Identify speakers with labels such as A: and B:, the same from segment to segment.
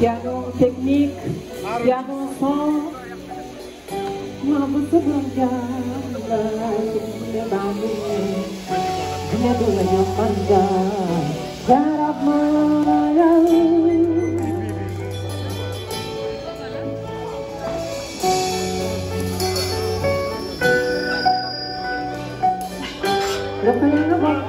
A: Piano technique, piano son, maman se blanca,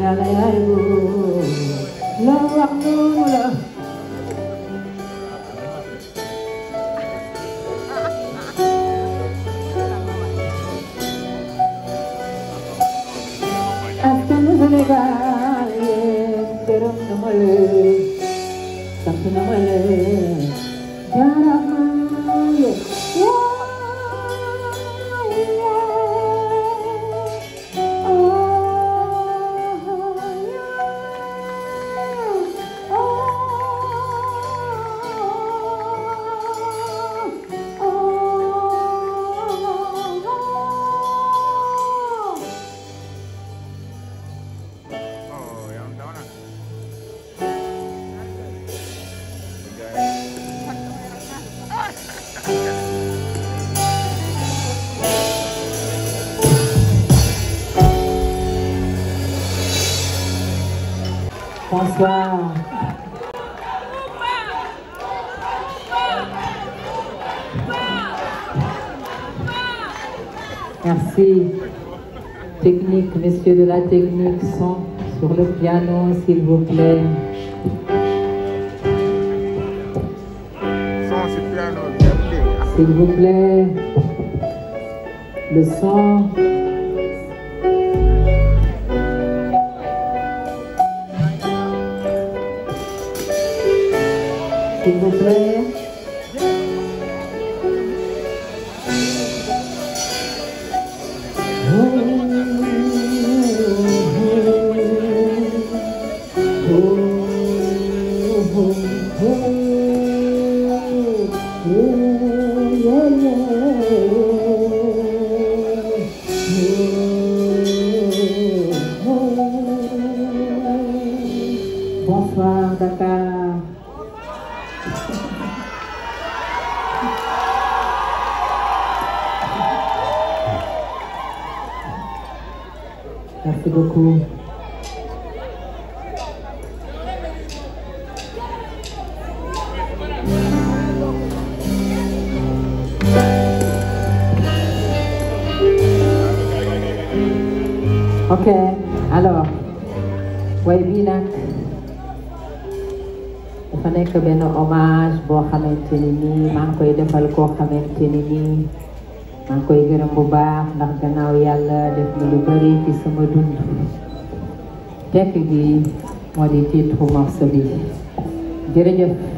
A: yàlla yaay buur la wax noonu la askanu Sénégal yéen gërëm na ma leen sant na ma leen Bonsoir. Merci. Technique, messieurs de la technique, sont sur le piano, s'il vous plaît. S'il vous plaît. Bonsoir Dakar. Merci beaucoup. ok alors way bii nag dafa nekk benn hommage boo xamante ni nii maa ngi koy defal koo maa ngi koy gërëm bu baax ndax gannaaw yàlla def na lu bëri ci sama dund tekk gi moo di titre morceau bi jërëjëf